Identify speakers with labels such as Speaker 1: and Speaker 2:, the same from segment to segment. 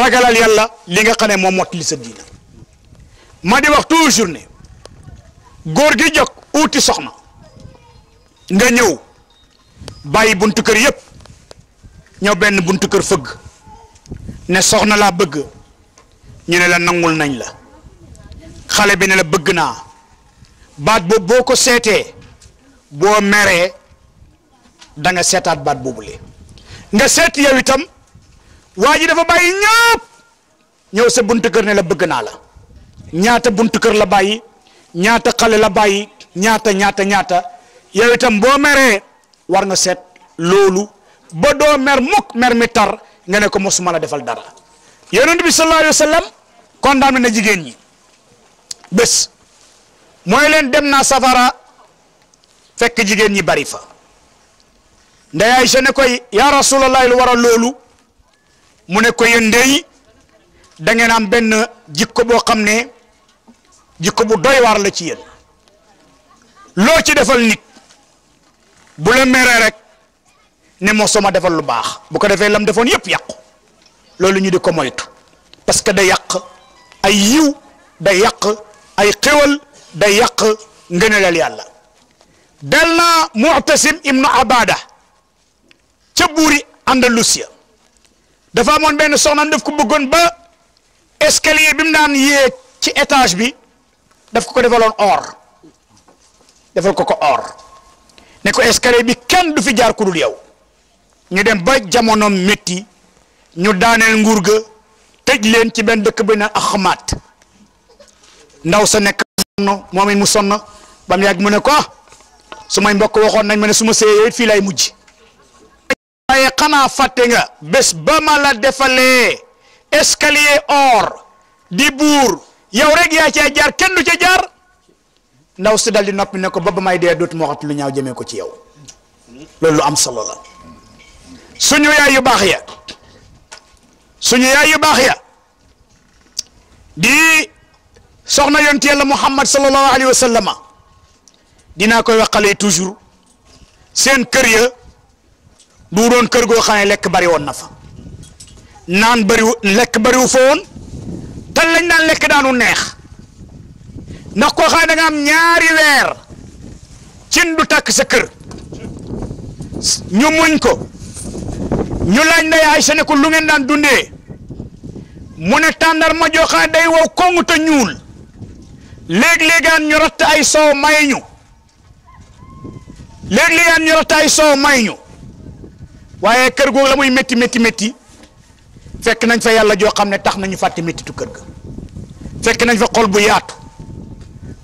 Speaker 1: ragalal yalla li nga xane ne motti sa diina ma di wax toujours ne gor gi jox outi soxna nga ñew bayyi buntu kër yëpp ñew benn buntu kër feug ne soxna la bëgg ñu ne la nangul nañ la xalé bi ne la bëgg na baat bo boko ko bo méré da nga sétat baat bobulé nga sét yow itam waa ji dafa bàyyi ñëpp ñëw sa buntu kër ne la bëgg naa la ñaata buntu kër la bàyyi ñaata xale la bàyyi ñaata ñaata ñaata yow itam boo meree war nga seet loolu ba doo mer mukk mer mi tar nga ne ko mosuma la defal dara yonent bi sallallahu alayhi wa sallam condamné na jigéen ñi bés mooy leen dem naa safara fekk jigéen ñi bari fa nday Aysa ne koy yaa rasulallah lu waral loolu mu ne ko yéen dey da ngeen am benn jikko boo xam ne jikko bu doy waar la ci yéen loo ci defal nit bu la meree rek ne moo soma defal lu baax bu ko defee lam defoon yëpp yàqu loolu ñu di ko moytu parce que day yàq ay yiw day yàq ay xéwal day yàq ngënalal yàlla dal naa mu'tasim ibnu abada ca buuri andalusiya dafa amoon benn soxnaam def ko bëggoon ba escalier bi mu naan yéeg ci étage bi daf ko ko defaloon or defal ko ko or ne ko escalier bi kenn du fi jaar ku dul yow ñu dem ba jamono metti ñu daaneel nguur ga tëj leen ci benn dëkk bi naan axamaat ndaw sa nekk moom it mu sonn ba mu yàgg mu ne ko ah su may mbokk waxoon nañ ma ne su ma seeyee fii lay mujj xanaa fàtte nga bés ba la escalier or di bour yow rek ya kenu jaar ken du ci jaar ndaw si dal di noppi ne ko lalu may de dot mo xat lu ñaaw jeme ko ci yow lolou am solo la suñu yaay yu bax ya suñu yaay yu bax ya di soxna yonent yàlla muhammad sallallahu alaihi wasallam dina koy waxale toujours sen keur ya du doon kër goo xam ne lekk bari woon na fa naan bariwu lekk bariwu fa woon tan lañ daan lekk daanu neex ndax koo xam ne da nga am ñaari weer cin du tàkk sa kër ñu muñ ko ñu laaj nday Aysa ne ko lu ngeen daan dundee mu ne tàndar ma joo xam day wow koŋŋ te ñuul léeg-léegaan ñu ratt ay soow may ñu léeg-léegaan ñu ratt ay soow may ñu waaye kër googu la muy métti metti métti fekk nañ fa yàlla joo xam ne tax nañu fàtte méttitu kër ga fekk nañ fa xol bu yaatu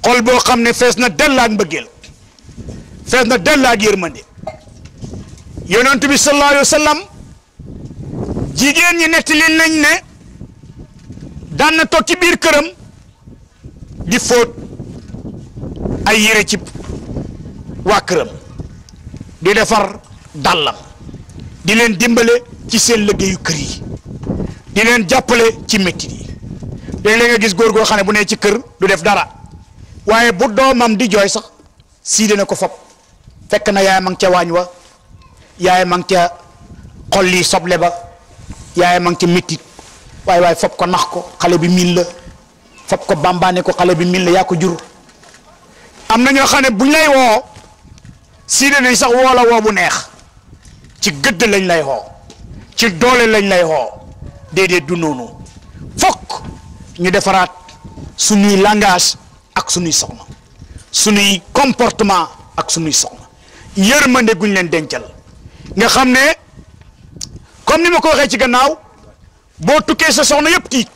Speaker 1: xol boo xam ne fees na dell ak mbëggeel fees na dell ak yërmande yonent bi sallallahu alayhi sallam jigéen ñi nettali nañ ne daan na toog ci biir këram di fóot ay yére ci waa këram di defar dàllam di leen dimbale ci seen liggéeyu kër yi di leen jàppale ci métti yi léeg-léeg nga gis góor goo xam ne bu nee ci kër du def dara waaye bu doomam di jooy sax siide na ko fop fekk na yaay ma ngi ca waañ wa yaay ma ngi ca xolli soble ba yaay ma ngi ca métti waaye waaye fop ko nax ko xale bi miin la fop ko bàmbaane ko xale bi miin la yaa ko jur am na ñoo xam ne buñ lay woo siide nañ sax woo la woo bu neex. ci gëdd lañ lay xoo ci doole lañ lay xoo déedéet du noonu fokk ñu defaraat suñuy langage ak suñuy soxna suñuy comportement ak suñuy soxna yërmande guñ leen dencal nga xam ne comme ni ma ko waxee ci gannaaw boo tukkee sa soxna yëpp tiit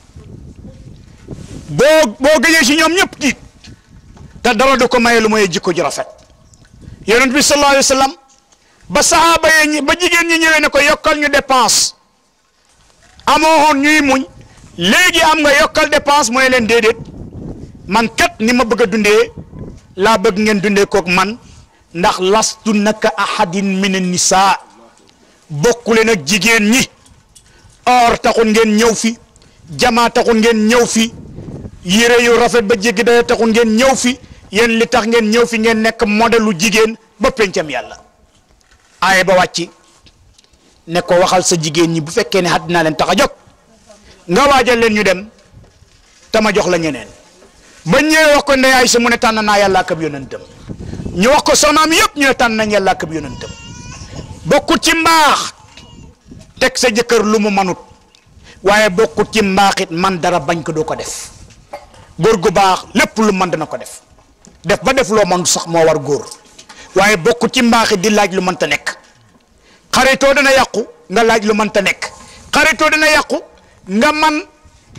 Speaker 1: boo boo gëjee ci ñoom ñëpp tiit te dara du ko maye lu mooy jikko ju rafet yonent bi sallallahu alayhi ba saxaaba yi ba jigéen ñi ñëwee ne ko yokkal ñu dépense amoowoon ñuy muñ léegi am nga yokkal dépense mooy leen déedéet man ket ni ma bëgg a dundee laa bëgg ngeen dundee kook man ndax lastu naka ahadin min nisaa bokkule nag jigéen ñi or taxul ngeen ñëw fi jamaa taxul ngeen ñëw fi yére yu rafet ba jéggi daya taxul ngeen ñëw fi yéen li tax ngeen ñëw fi ngeen nekk modelu jigéen ba pencam yàlla aaye ba wàcc ne ko waxal sa jigéen ñi bu fekkee ne xat leen tax a jóg nga waajal leen ñu dem tama jox la ñeneen ba ñëwee wax ko Ndeye Aysa mu ne tànn naa yàllaa ak ab yonentam ñu wax ko soxnaam yëpp ñu ne tànn nañ yàlla ak ab yonentam bokkut ci mbaax teg sa jëkkër lu mu manut waaye bokkut ci mbaaxit man dara bañ ko doo ko def góor gu baax lépp lu man dana ko def def ba def loo manut sax moo war góor waaye bokk ci mbaaxi di laaj lu ta nekk xaritoo dana yàqu nga laaj lu ta nekk xaritoo dana yàqu nga man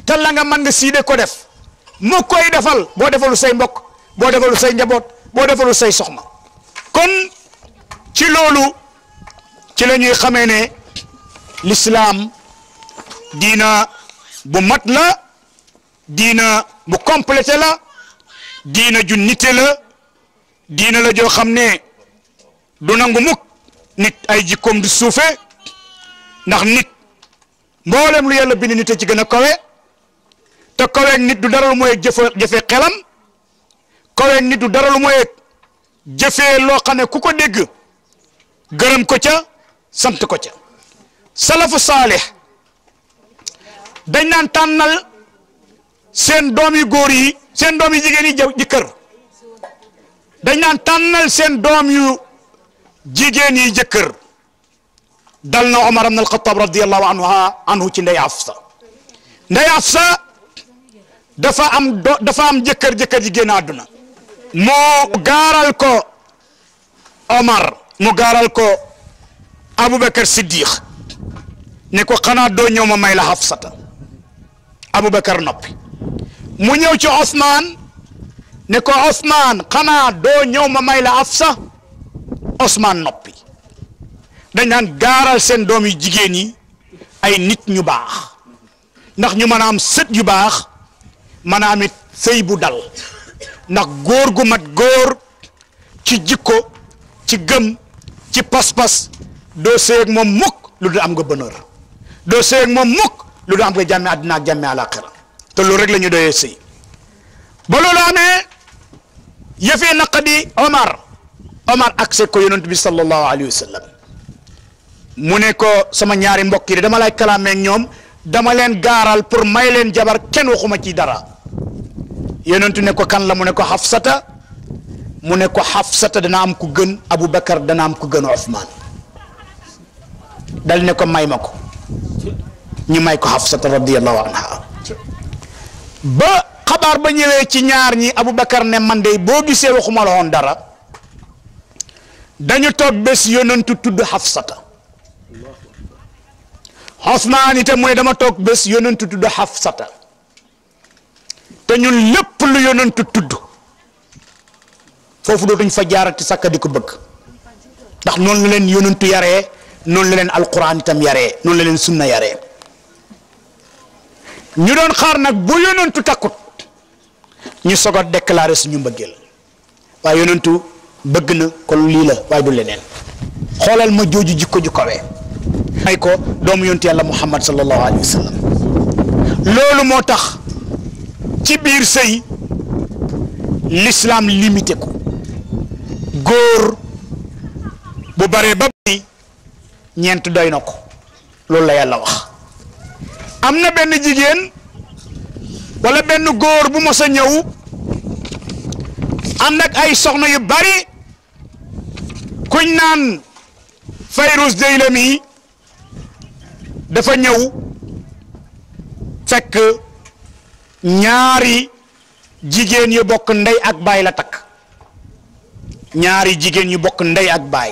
Speaker 1: te la nga man nga siide ko def mu koy defal boo defalu say mbokk boo defalu say njaboot boo defalu say soxna kon ci loolu ci la ñuy xamee ne lislaam diina bu mat la diina bu complete la diina ju nite la diina la joo xam ne du nangu mukk nit ay jikkoom di suufee ndax nit mboolem lu yàlla bind nit a ci gën a kawe te kaweeg nit du dara lu mooy jëfe jëfe xelam kaweeg nit du dara lu mooy jëfee loo xam ne ku ko dégg gërëm ko ca sant ko ca salafu saalih dañ naan tànnal seen yu góor yi seen doom yi jigéen yi jëkkër dañ naan tànnal seen doom yu جيجيني جكر دلنا عمر بن الخطاب رضي الله عنه عنه تي ناي عفصه ناي عفصه دفا ام دفا ام جكر جكر جينا ادنا مو غارال كو عمر مو غارال كو ابو بكر الصديق نيكو خنا دو نيوما مايلا حفصه ابو بكر نوبي مو نيو تي عثمان نيكو عثمان خنا دو نيوما مايلا حفصه Ousmane noppi dañ naan gaaral seen doom yu jigéen yi ay nit ñu baax ndax ñu mën a am sët yu baax mën a am it sëy bu dal ndax góor gu mat góor ci jikko ci gëm ci pas-pas doo sëy ak moom mukk lu dul am nga bonheur doo sëy moom mukk lu dul am nga jàmme àddina ak jàmme àlaaxira te loolu rek la ñu sëy ba loolu amee yëfee naqadi Omar Omar accès ko yonent bi sallallahu alayhi wa mu ne ko sama ñaari mbokk yi dama lay kalaamee ñoom dama leen gaaral pour may leen jabar kenn waxuma ci dara yonentu ne ko kan la mu ne ko Hafsata mu ne ko Hafsata dana am ku gën Aboubacar dana am ku gën Ousmane dal ne ko may ma ko ñu may ko Hafsata radiyallahu anha ba xabaar ba ñëwee ci ñaar ñi Aboubacar ne man de boo gisee waxuma la woon dara. dañu toog bés yonentu tudd xafsata xosmaan itam mu dama toog bés yonentu tudd xafsata te ñun lépp lu yonentu tudd foofu dootuñ fa jaarati sàkka di bëgg ndax noonu la leen yonentu yare noonu la leen alquran itam yare noonu la leen sunna yare ñu doon xaar nag bu yonentu takkut ñu soog a déclaré suñu mbëggeel waaye yonentu bëgg na kon lii la waaye du leneen xoolal ma jooju jikko ju kawee may ko doomu yontu yàlla muhammad sallallahu alayhi wa loolu moo tax ci biir sëy l'islam limité ko góor bu baree ba bari ñeent doy na ko loolu la yàlla wax am na benn jigéen wala benn góor bu mos a ñëw am nag ay soxna yu bari kuñ naan Fayruz Daylami dafa ñëw fekk ñaari jigéen yu bokk ndey ak baay la takk ñaari jigéen yu bokk ndey ak baay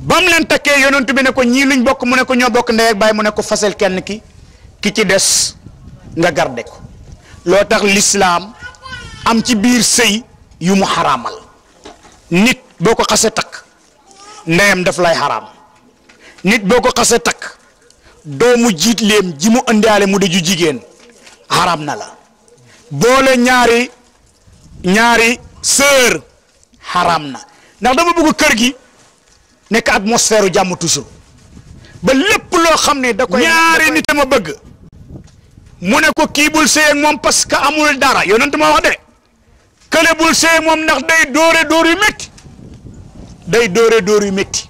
Speaker 1: ba mu leen takkee yonent bi ne ko ñii luñ bokk mu ne ko ñoo bokk ndey ak baay mu ne ko fasal kenn ki ki ci des nga garde ko loo tax lislaam am ci biir sëy yu mu xaraamal nit boo ko xasee takk ndeyam daf lay xaraam nit boo ko xasee takk doomu jiitleem ji mu ëndaale mu ju jigéen xaraam na la boole ñaari ñaari sœur xaraam na ndax dama bëgg kër gi nekk atmosphère jàmm toujours ba lépp loo xam ne da koy ñaari nit ma bëgg mu ne ko kii bul sëy moom parce que amul dara yoo yonent ma wax de kële bul see moom ndax day dóore dóor yu métti day dóore dóor yu métti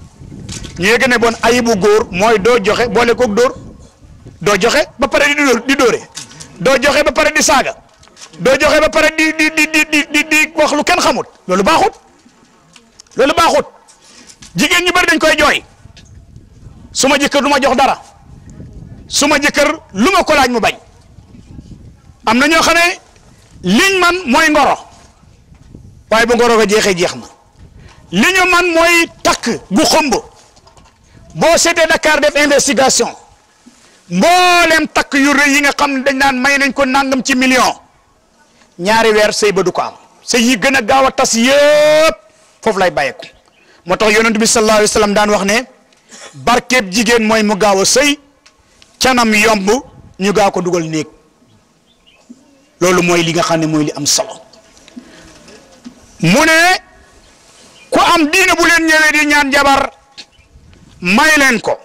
Speaker 1: ñu yegg ne bon ayibu góor mooy doo joxe boole koog dóor doo joxe ba pare di di dóore doo joxe ba pare di saaga doo joxe ba pare di di di di di wax lu kenn xamut loolu baaxut loolu baaxut jigéen ñu bari dañ koy jooy su ma jëkkër du ma jox dara su ma jëkkër lu ma ko laaj mu bañ am na ñoo xam ne man mooy ngoro waaye bu ngoro ga jeexee jexna liñu man moy tak gu xomb bo cété Dakar def investigation mboolem tak yu reuy yi nga xam dañ nan may nañ ko nangam ci million ñaari weer sey ba du ko am sey yi gëna gawa tas yëpp foofu lay bayeku motax tax sallallahu alayhi wasallam daan wax ne barkeb jigen moy mu gawa sey yomb ñu ko dugal néeg loolu li nga xam ne li am solo mune kuam ku am diine bu len ñewé di ñaan jabar may len ko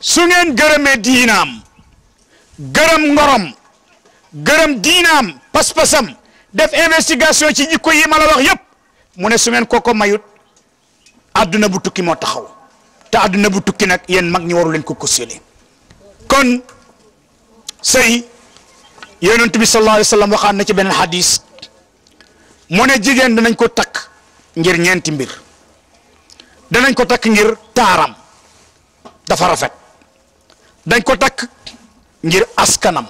Speaker 1: su ngeen gërëmee diinam gërem ngorom gërem diinam pas-pasam def investigation ci jikko yi mala wax yépp mune su ngeen koko mayut aduna bu tukki mo taxaw ta aduna bu tukki nak yeen mag ñi waru len ko kon sey yonent bi sallallahu alayhi wasallam sallam na ci benen hadis mu ne jigéen danañ ko takk ngir ñeenti mbir danañ ko takk ngir taaram dafa rafet dañ ko takk ngir askanam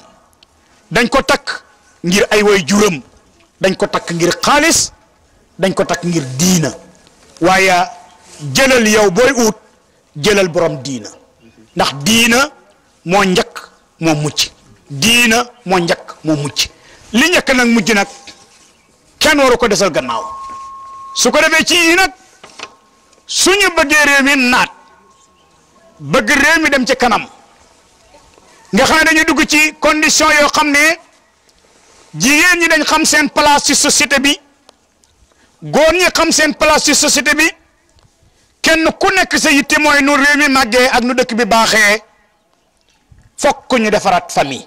Speaker 1: dañ ko takk ngir ay way juram dañ ko takk ngir xaalis dañ ko takk ngir diina waaye jëlal yow booy ut jëlal borom diina ndax diina moo njëkk moo mucc diina moo njëkk moo mucc li njëkk nag mujj nag kenn waru ko desal gannaaw su ko defee ci yi nag suñu bëggee réew mi naat bëgg réew mi dem ci kanam nga xam ne dañuy dugg ci condition yoo xam ne jigéen ñi dañ xam seen place ci société bi góor ñi xam seen place ci société bi kenn ku nekk sa yitte mooy nu réew mi màggee ak nu dëkk bi baaxee fokk ñu defaraat fami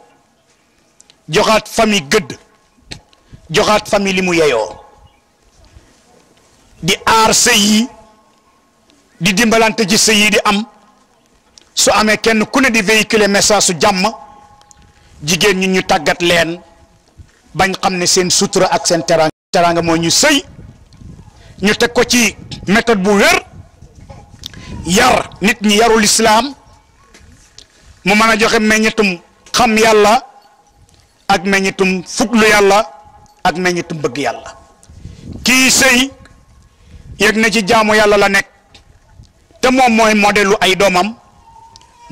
Speaker 1: joxaat famille gëdd joxaat famille li mu yeyoo di aar sëy di dimbalante ci sëy yi di am su amee kenn ku ne di véhiculer message su jàmm jigéen ñi ñu tàggat leen bañ xam ne seen sutura ak seen teraanga teraanga ñu sëy ñu teg ko ci méthode bu wér yar nit ñi yarul islaam mu mën a joxe meññitum xam yàlla ak meññitum fuglu yàlla ak meññitum bëgg yàlla kii sëy yëg na ci jaamu yàlla la nekk te moom mooy modelu ay doomam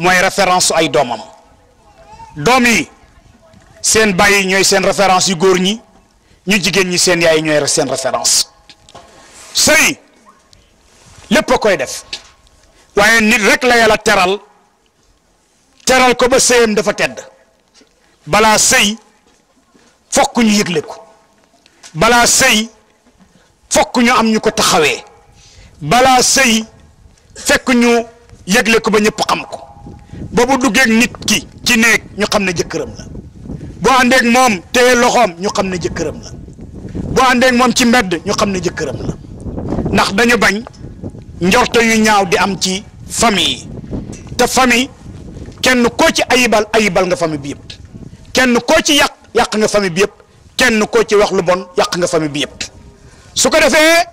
Speaker 1: mooy référence ay doomam doom yi seen bàyyi ñooy seen référence yu góor ñi ñu jigéen ñi seen yaay ñooy seen référence sëy lépp a koy def waaye nit rek la yàlla teral teral ko ba sëyam dafa tedd balaa sëy fokk ñu yëgle ko balaa sëy fokk ñu am ñu ko taxawee balaa sëy fekk ñu yëgle ko ba ñëpp xam ko ba bu duggeeg nit ki ci néeg ñu xam ne jëkkëram la bu àndeeg moom te loxoom ñu xam ne jëkkëram la bu moom ci mbedd xam ne jëkkëram ndax dañu bañ njorte yu ñaaw di am ci famille yi te famille kenn koo ci ayibal ayibal nga famille bi yëpp kenn koo ci yàq yàq nga famille bi yëpp kenn ko ci wax lu bon yak nga famille bi yëpp su ko defee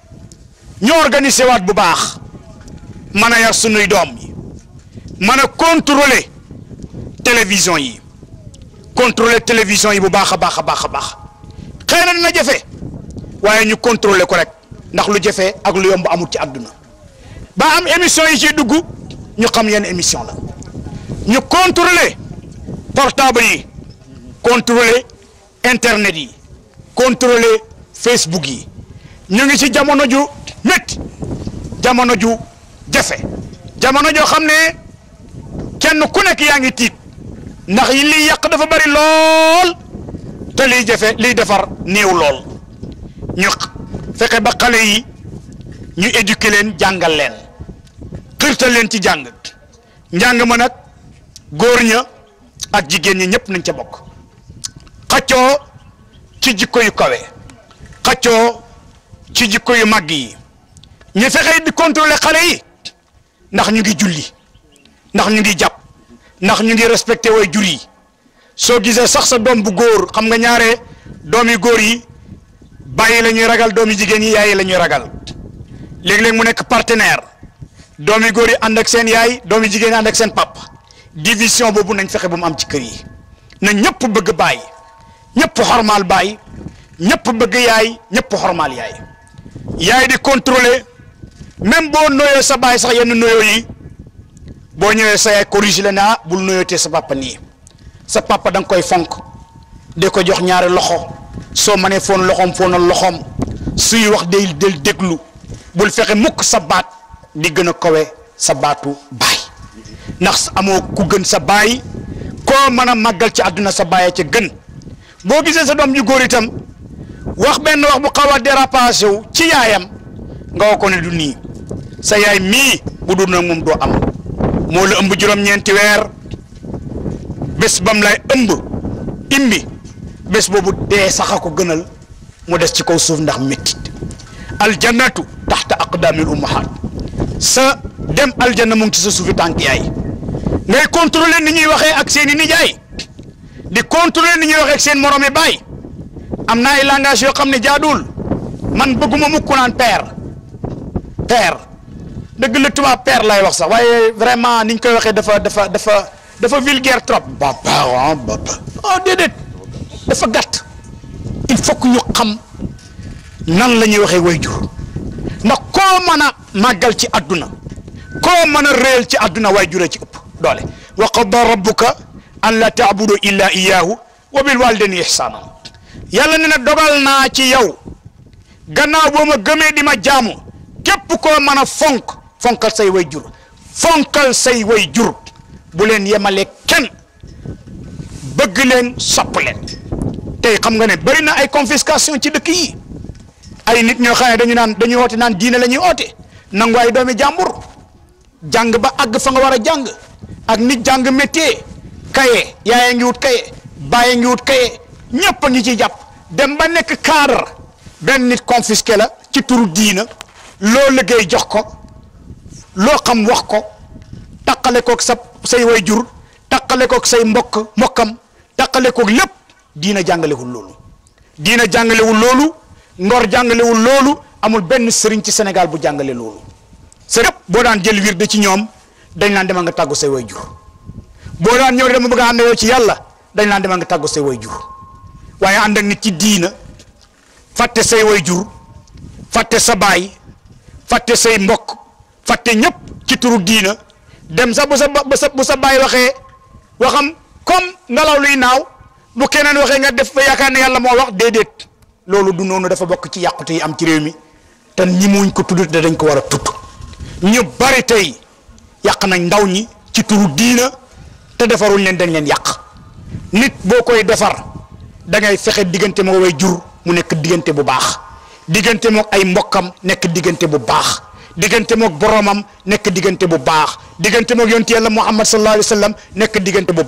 Speaker 1: ñu organiser wat bu baax mën a yar doom yi mën contrôler télévision yi contrôler télévision yi bu baaxa baaxa baaxa baax a na jëfé waye ñu contrôler ko rek ndax lu jëfé ak lu yomb amul ci aduna ba am émission yi ci duggu ñu xam yeen émission la ñu contrôler portable yi contrôler internet yi contrôler Facebook yi ñu ngi ci jamono ju métti jamono ju jafe jamono joo xam ne kenn ku nekk yaa ngi tiit ndax yi liy yàq dafa bari lool te liy jafe liy defar néew lool ñu fexe ba xale yi ñu éduquer leen jàngal leen xirtal leen ci jàng njàng ma nag góor ña ak jigéen ñi ñëpp nañ ca bokk. xaccoo ci jikko yu kawe xaccoo ci jikko yu màgg yi ñu fexe bi contrôler xale yi ndax ñu ngi julli ndax ñu ngi jàpp ndax ñu ngi respecté way jur yi soo gisee sax sa doom bu góor xam nga ñaare doom yu góor yi bàyyi la ragal doom yu jigéen yi yaay yi la ñuy ragal léeg-léeg mu nekk partenaire doom yu góor yi ànd ak seen yaay doom yu jigéen yi ànd ak seen pap division boobu nañ fexe bu mu am ci kër yi na ñëpp bëgg bàyyi. ñëpp xormaal baay ñëpp bëgg yaay ñëpp xormaal yaay yaay di contrôler même boo noyoo sa baay sax yenn noyoo yi boo ñëwee sa yaay corrigé la naa ah, bul noyootee sa papa nii sa papa da nga koy fonk de ko jox ñaari loxo soo mënee foon loxoom foonal loxoom suy wax day del déglu bul fexe mukk sa baat di gën a kawe sa baatu baay ndax amoo ku gën sa baay koo mën a màggal ci àdduna sa baay ca gën. boo gisee sa doom ji góor itam wax benn wax bu xaw a dérapage wu ci yaayam nga wax ko ne du nii sa yaay mii bu dul nag moom doo am moo la ëmb juróom-ñeenti weer bés bam lay ëmb imbi bés boobu dee sax ko gënal moo des ci kaw suuf ndax méttit aljannatu taxta aqdaamil ummahaat sa dem aljanna mu ngi ci sa suufi tànk yaay ngay contrôler ni ñuy waxee ak seeni nijaay di contrôler ni ñu wax ak seen morom yi bay amna ay langage yo xamni jaadul man bëgguma mukk naan père père deug le tuba père lay wax sax waye vraiment niñ koy waxe dafa dafa dafa dafa vulgaire trop papa ah papa oh dedet dafa gatt il faut que ñu xam nan lañuy waxe waxee wayjur ndax koo mën a ci aduna ko mana reel ci aduna wayjur a ci upp dole wa qada rabbuka an la ta'budu illa iyyahu wa bil walidayni ihsana yalla ne na dogal na ci yow gannaaw bo ma gëmé di ma jaamu kep ko mën fonk fonkal say way jur fonkal say way jur bu len yemalé ken bëgg len sopp len tey xam nga ne bari na ay confiscation ci dëkk yi ay nit ñoo xam dañu naan dañu wote naan diina lañuy ñuy nang way doomi jambur jang ba ag fa nga wara jang ak nit jang métier kaye yaaya ngi wut kaye bàyyi ngi wut kaye ñëpp a ngi ciy jàpp dem ba nekk cadre benn nit confisqué la ci turu diina loo liggéey jox ko loo xam wax ko taqale koog sa say way jur taqale kook say mbokk mbokkam taqale koog lépp diina jàngalewul loolu diina jàngalewul loolu ngor jàngalewul loolu amul benn sëriñ ci Sénégal bu jàngale loolu sëriñ boo daan jël wirde ci ñoom dañ naan demal nga tàggu say way jur boo daan ñëw dama bëgg a ànd yow ci yàlla dañ laa demal nga tàggu say way jur waaye ànd ak nit ci diina fàtte say way jur fàtte sa baay fàtte say mbokk fàtte ñëpp ci turu diina dem sax bu sa bu sa sa baay waxee waxam comme ngelaw luy naaw bu keneen waxee nga def ba yaakaar ne yàlla moo wax déedéet loolu du noonu dafa bokk ci yàqute yi am ci réew mi te ñi muñ ko tudd te dañ ko war a tudd ñu bari tey yàq nañ ndaw ñi ci turu diina. te defarul len dañ len yak nit bokoy defar da ngay fexé digënté mo way jur mu nek digënté bu baax digënté moog ay mbokam nek digënté bu baax digënté moog boromam nek digënté bu baax digënté moog yonti yalla muhammad sallallahu alaihi wasallam sallam digënté bu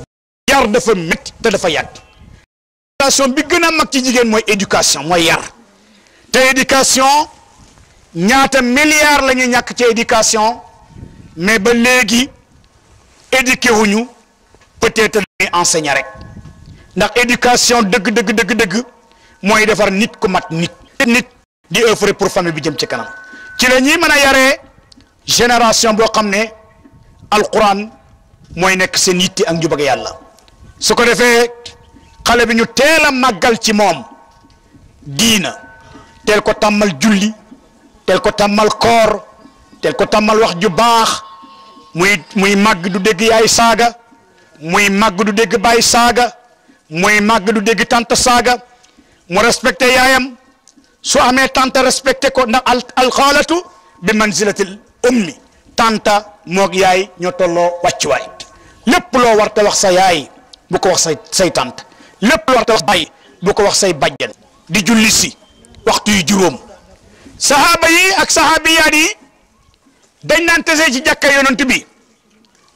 Speaker 1: yar dafa met te dafa yàgg éducation bi gëna a mag ci jigéen moy éducation moy yar te éducation ñaata milliards lañu ñak ci éducation mais ba légui éduqué wuñu peut-être dañuy enseigner rek ndax éducation dëgg dëgg dëgg dëgg mooy defar nit ku mat nit nit di œuvre pour famille bi jëm ci kanam ci lañi mëna yaré génération bo xamné ne alquran mooy nekk seen yitte ak ñu bëgg yalla su ko defee xale bi ñu téla magal ci mom diina teel ko tamal julli teel ko tamal koor teel ko tamal wax ju bax muy muy mag du dégg yaay saga muy màgg du dégg bàyyi saaga mooy màgg du dégg tante saaga mu respecté yaayam su amee tante respecté ko al alxaalatu bi manzilatil ummi tanta moog yaay ñoo tolloo wàccuwaay lépp loo war ta wax sa yaay bu ko wax say say tante lépp loo war ta baay bu ko wax say bàjjen di julli si waxtu yu juróom sahaaba yi ak sahaabiyaat yi dañ naan tase ci jàkka yonent bi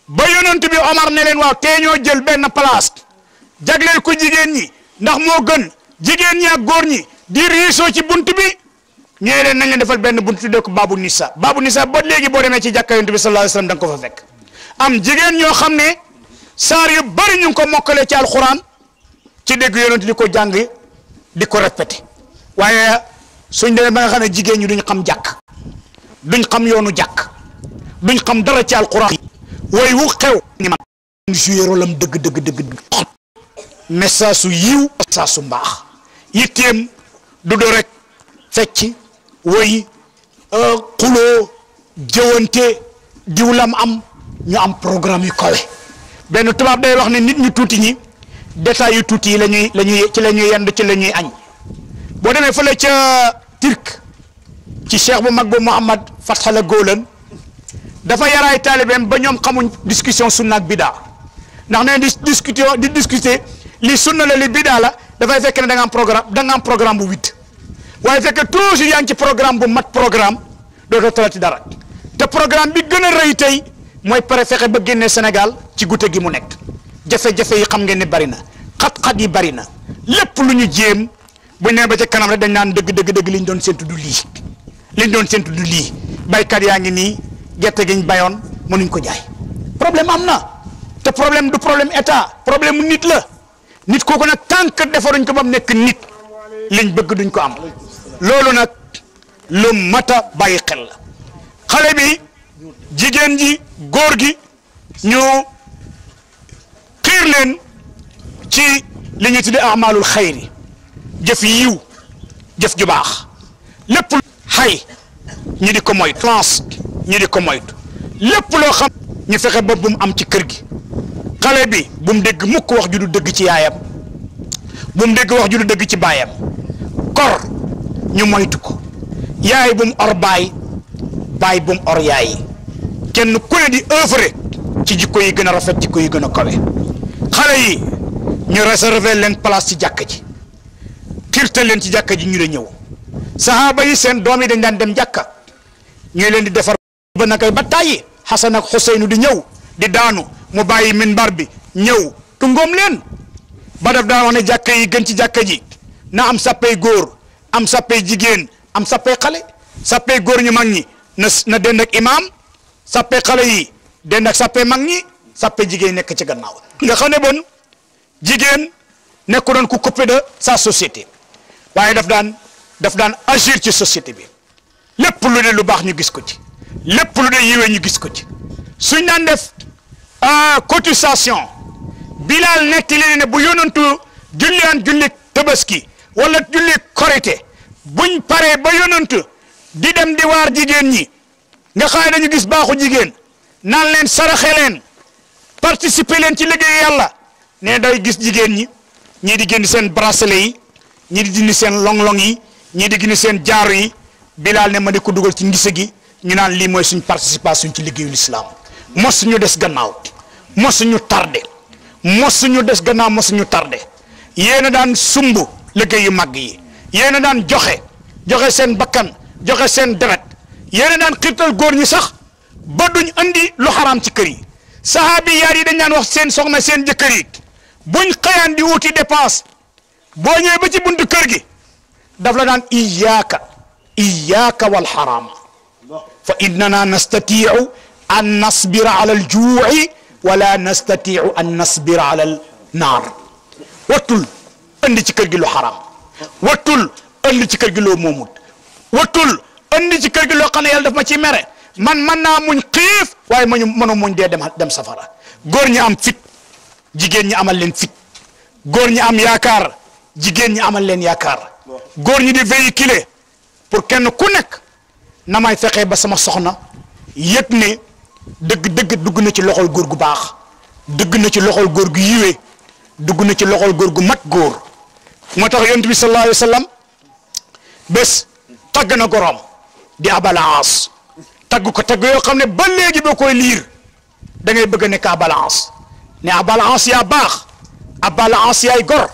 Speaker 1: ba yonent bi Omar ne len waaw tee ñoo jël benn place jagleel ko jigen ñi ndax mo gën jigen ñi ak di riso ci buntu bi ñëwee leen nañ leen defal ben buntu tuddee ko Nisa babu Nisa ba legi bo demé ci jakka yonent bi sallallahu alayhi wasallam dang ko fa fek am jigen ño xamné sar yu bari ñu ko mokkale ci alquran ci dégg yonent di ko jàng di ko répété waaye ba nga xamné jigen ñu duñ xam jàkk duñ xam yoonu jàkk duñ xam dara ci alquran way wu xew ni man joué dëgg dëgg dëgg dëgg message su yiw message su mbaax yitteem du do rek fecc woy euh, xuloo jëwante diw lam am ñu am programme yu kawe benn tubaab day wax ne nit ñu tuuti ñi détails yu tuuti yi lañuy ñuy la ci la ñuy yend ci la añ boo demee fële ca turc ci cheikh bu mag bu Mouhamad Fathala Golan dafa yaraay taalibeem ba ñoom xamuñ discussion sunna ak bidaa ndax nee di discuter di discuter li sunna la li bidaa la dafay fekk ne da nga am programme da programme bu huit waaye fekk toujours yaa ngi ci programme bu mat programme dootoo talati dara te programme bi gën a rëy tey mooy pare fexe ba génne Sénégal ci gute gi mu nekk jafe-jafe yi xam ngeen ne bari na xat-xat yi bari na lépp lu ñu jéem bu nee ba ca kanam rek dañ naan dëgg dëgg dëgg liñ doon séntu du lii doon séntu lii baykat yaa ngi nii. gerte gi ñu bayoon mënuñ ko jaay problème am na te problème du problème état problème mu nit la nit kooku nag tant que defaruñ ko ba mu nekk nit liñ bëgg duñ ko am loolu nag lu mat a bàyyi xel xale bi jigéen ji góor gi ñu xiir leen ci li ñuy tuddee amalul xayri jëf yiw jëf ju baax lépp xay ñu di ko mooy trans ñu di ko moytu lépp loo xam ñu fexe ba bu mu am ci kër gi xale bi bu mu dégg mukk wax ju du dëgg ci yaayam bu mu dégg wax ju du dëgg ci baayam kor ñu moytu ko yaay bu mu or baay baay bu mu or yaay kenn ku ne di œuvre ci jikko yi gën a rafet jikko yi gën a kawe xale yi ñu réserver leen place ci jàkka ji xiirtal leen ci jàkka ji ñu la ñëw saxaaba yi seen doom yi dañ daan dem jàkka ñu leen di defar ba nakay ba tàyyi xasan ak xuseynu di ñëw di daanu mu bàyyi bar bi ñëw tungoom leen ba daf daa wax ne jàkka yi gën ci jàkka ji na am sappay góor am sappay jigéen am sappay xale sappay góor ñu mag ñi na na dend ak imaam sappay xale yi dend ak sappay mag ñi sappay jigéen nekk ci gannaaw nga xam ne bon jigéen nekku doon ku coupé de sa société waaye daf daan daf daan agir ci société bi lépp lu ne lu baax ñu gis ko ci lépp lu ne yiwee ñu gis ko ci suñ daan def euh, cotisation bilaal nekk leen ne bu yonantu julliwaan julli tabaski wala julli korite buñ paree ba yonantu di dem di waar jigéen ñi nga xaay dañu gis baaxu jigéen naan leen saraxe leen participer leen ci liggéey yàlla ne day gis jigéen ñi ñii di génn seen bracelet yi ñii di dindi seen long-long yi ñii di génn seen jaaru yi bilaal ne ma di ko dugal ci ngise gi ñu nan li partisipasi suñu participation ci liggéeyu lislaam mo suñu dess gannaaw mo suñu tardé mo suñu dess gannaaw mo suñu tardé yéen daan sumbu liggéey yu mag yi daan joxe joxe sen bakkan joxe sen deret yéen daan xirtal goor ñi sax ba duñ andi lu haram ci kër yi sahabi yaar yi dañ nan wax sen soxna sen jëkër yi buñ xeyan di wuti dépense bo ñëw ba ci buntu kër gi daf la daan iyyaka iyyaka wal harama. فإننا نستطيع أن نصبر على الجوع ولا نستطيع أن نصبر على النار wattul andi ci kër gi lu xaram wattul andi ci kër gi loo moomut wattul andi ci kër gi loo xam ne yàlla daf ma ci mere man man naa muñ xiif waaye mañu mënu muñ dee dem dem safara góor ñi am fit jigéen ñi amal leen fit góor ñi am yaakaar jigéen ñi amal leen yaakaar góor ñi di véhiculer pour kenn ku nekk na may fexee ba sama soxna yëg ne dëgg dëgg dugg na ci loxol góor gu baax dugg na ci loxol góor gu yiwee dugg na ci loxol góor gu mat góor moo tax yonent bi sallallahu alayhi bés tagg na goroom di abalance tagg ko tagg yoo xam ne ba léegi boo koy liir da ngay bëgg a nekk abalance ne abalance yaa baax abalance yaay gor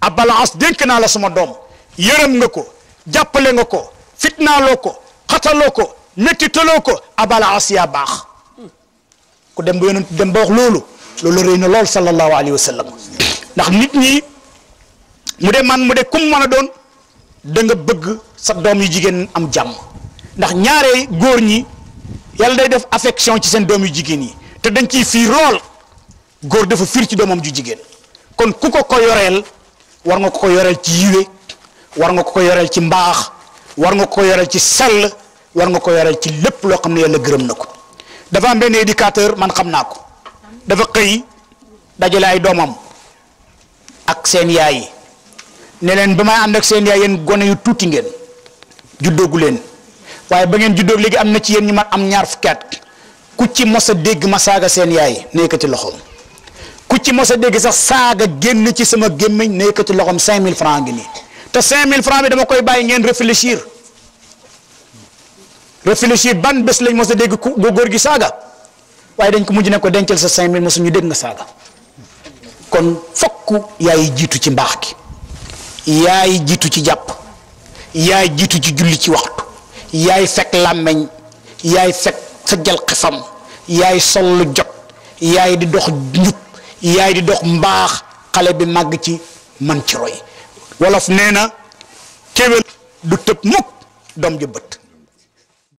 Speaker 1: abalance dénk naa la sama doom yërëm nga ko jàppale nga ko fitnaaloo ko xataloo ko mettitaloo ko abal asia baax ku dem ba yonent dem ba wax loolu loolu rëy na lool sallallahu alayhi wa ndax nit ñi mu de man mu de kum mën doon danga bëgg sa doom yu jigéen am jàmm ndax ñaare góor ñi yàlla day def affection ci seen doom yu jigéen yi te dañ ciy fiir lool góor dafa fiir ci doomam ju jigéen kon ku ko ko yoreel war nga ko ko yoreel ci yiwe war nga ko ko yoreel ci mbaax war nga ko yoral ci sell war nga ko yoral ci lépp loo xam ne yàlla gërëm na ko dafa am benn éducateur man xam naa ko dafa xëy dajale ay doomam ak seen yaay yi ne leen ba may ànd ak seen yaay yéen gone yu tuuti ngeen juddoogu leen waaye ba ngeen juddoog léegi am na ci yéen ñu mat am ñaar fukki at ku ci mos a dégg ma saaga seen yaay nekkati loxoom ku ci mos a dégg sax saaga génn ci sama gémmiñ nekkati loxoom 5000 francs ngi nii te 5000 francs bi dama koy bàyyi ngeen réfléchir réfléchir ban bés lañ mos a dégg ku góor gi saaga waaye dañ ko mujj ne ko dencal sa 5000 mosu ñu dégg nga saaga kon fokk yaay jiitu ci mbaax gi yaay jiitu ci jàpp yaay jiitu ci julli ci waxtu yaay fekk làmmeñ yaay fekk sa jal xefam yaay sol jot yaay di dox njub yaay di dox mbaax xale bi màgg ci man ci roy wolof nee na kéwél du tëb mukk doom ju bët